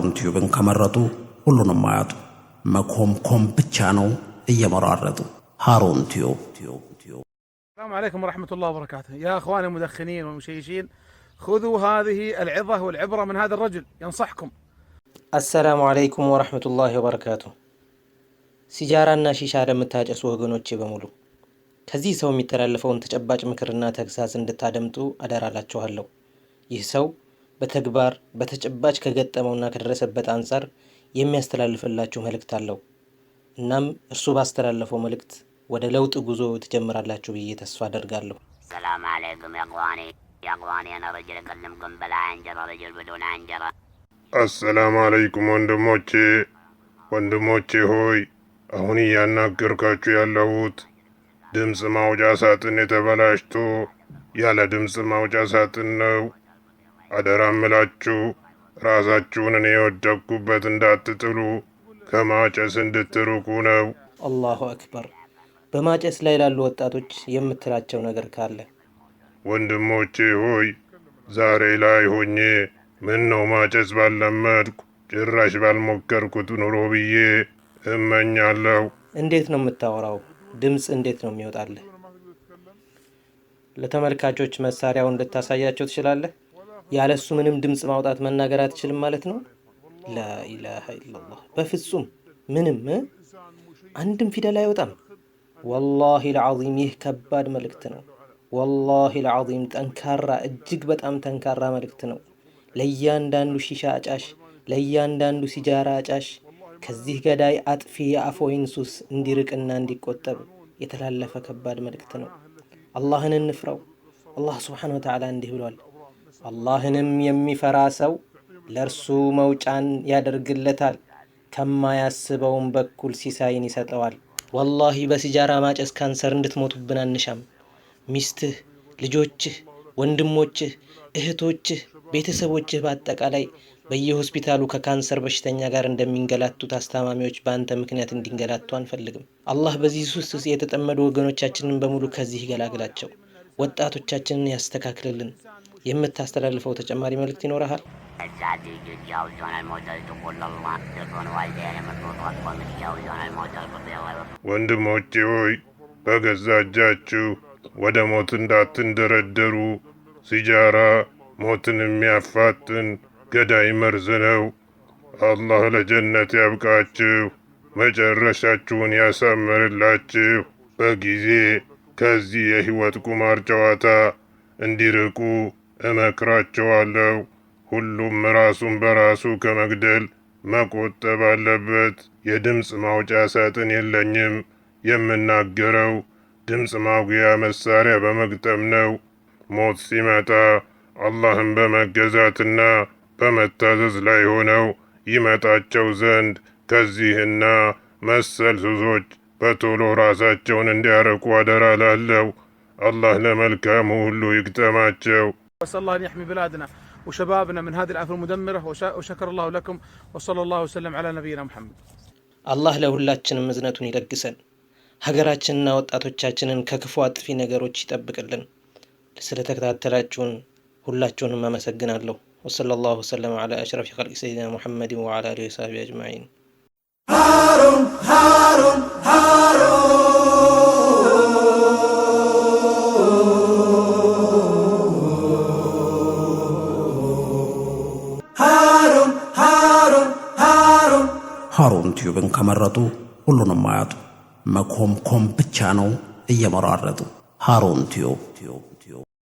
ያልተሰራውን ቲዩብን ከመረጡ ሁሉንም አያጡ። መኮምኮም ብቻ ነው እየመራረጡ። ሃሩን ቲዩብ። السلام عليكم ورحمة الله وبركاته يا أخواني المدخنين والمشيشين خذوا هذه العظة والعبرة من هذا الرجل ينصحكم السلام عليكم ورحمة الله وبركاته ሲጃራና ሺሻ ለምታጨሱ ወገኖቼ በሙሉ ከዚህ ሰው የሚተላለፈውን ተጨባጭ ምክርና ተግሳጽ እንድታደምጡ አደራላችኋለሁ። ይህ ሰው በተግባር በተጨባጭ ከገጠመውና ከደረሰበት አንጻር የሚያስተላልፍላችሁ መልእክት አለው። እናም እርሱ ባስተላለፈው መልእክት ወደ ለውጥ ጉዞ ትጀምራላችሁ ብዬ ተስፋ አደርጋለሁ። ሰላም አለይኩም ያቋኔ ያቋኔ ነረጅል ቅልም በላ አንጀራ ረጅል ብዱን አንጀራ። አሰላሙ አለይኩም ወንድሞቼ ወንድሞቼ ሆይ አሁን እያናገርካችሁ ያለሁት ድምፅ ማውጫ ሳጥን የተበላሽቶ ያለ ድምፅ ማውጫ ሳጥን ነው። ምላችሁ? ራሳችሁን እኔ የወደቅኩበት እንዳትጥሉ ከማጨስ እንድትርቁ ነው። አላሁ አክበር። በማጨስ ላይ ላሉ ወጣቶች የምትላቸው ነገር ካለ? ወንድሞቼ ሆይ ዛሬ ላይ ሆኜ ምን ነው ማጨስ ባለመድኩ ጭራሽ ባልሞከርኩት ኑሮ ብዬ እመኛለሁ። እንዴት ነው የምታወራው? ድምፅ እንዴት ነው የሚወጣልህ? ለተመልካቾች መሳሪያውን ልታሳያቸው ትችላለህ? ያለሱ ምንም ድምፅ ማውጣት መናገር አትችልም ማለት ነው። ላኢላሃ ኢለላህ በፍጹም ምንም አንድም ፊደል አይወጣም። ወላሂ ልዓዚም ይህ ከባድ መልእክት ነው። ወላሂ ልዓዚም ጠንካራ፣ እጅግ በጣም ጠንካራ መልእክት ነው። ለእያንዳንዱ ሺሻ አጫሽ፣ ለእያንዳንዱ ሲጃራ አጫሽ ከዚህ ገዳይ አጥፊ የአፎይን ሱስ እንዲርቅና እንዲቆጠብ የተላለፈ ከባድ መልእክት ነው። አላህን እንፍራው። አላህ ስብሓነ ወተዓላ እንዲህ ብሏል አላህንም የሚፈራ ሰው ለእርሱ መውጫን ያደርግለታል፣ ከማያስበውም በኩል ሲሳይን ይሰጠዋል። ወላሂ በሲጃራ ማጨስ ካንሰር እንድትሞቱብን አንሻም። ሚስትህ፣ ልጆችህ፣ ወንድሞችህ፣ እህቶችህ፣ ቤተሰቦችህ በአጠቃላይ በየሆስፒታሉ ከካንሰር በሽተኛ ጋር እንደሚንገላቱት አስተማሚዎች በአንተ ምክንያት እንዲንገላቱ አንፈልግም። አላህ በዚህ ሱስ የተጠመዱ ወገኖቻችንን በሙሉ ከዚህ ይገላግላቸው። ወጣቶቻችንን ያስተካክልልን። የምታስተላልፈው ተጨማሪ መልእክት ይኖረሃል? ወንድሞቼ ሆይ በገዛ እጃችሁ ወደ ሞት እንዳትንደረደሩ። ሲጃራ ሞትን የሚያፋጥን ገዳይ መርዝ ነው። አላህ ለጀነት ያብቃችሁ፣ መጨረሻችሁን ያሳምርላችሁ። በጊዜ ከዚህ የህይወት ቁማር ጨዋታ እንዲርቁ እመክራቸዋለሁ። ሁሉም ራሱን በራሱ ከመግደል መቆጠብ አለበት። የድምፅ ማውጫ ሳጥን የለኝም። የምናገረው ድምፅ ማጉያ መሳሪያ በመግጠም ነው። ሞት ሲመጣ አላህን በመገዛትና በመታዘዝ ላይ ሆነው ይመጣቸው ዘንድ ከዚህና መሰል ሱሶች በቶሎ ራሳቸውን እንዲያረቁ አደራ ላለው አላህ ለመልካሙ ሁሉ ይግጠማቸው። وأسأل الله أن يحمي بلادنا وشبابنا من هذه الآفة المدمرة وشكر الله لكم وصلى الله وسلم على نبينا محمد الله له اللاتشن مزنتون يلقسن هقراتشن ناوت أتوتشاتشن ككفوات في نقر وشيتبك اللن لسلتك تاتراتشون هلاتشون ما مسقنا له وصلى الله وسلم على أشرف خلق سيدنا محمد وعلى آله وصحبه أجمعين هارون هارون هارون ብቻውን ቲዩብን ከመረጡ ሁሉንም አያጡ። መኮምኮም ብቻ ነው እየመራረጡ ሃሩን ቲዩብ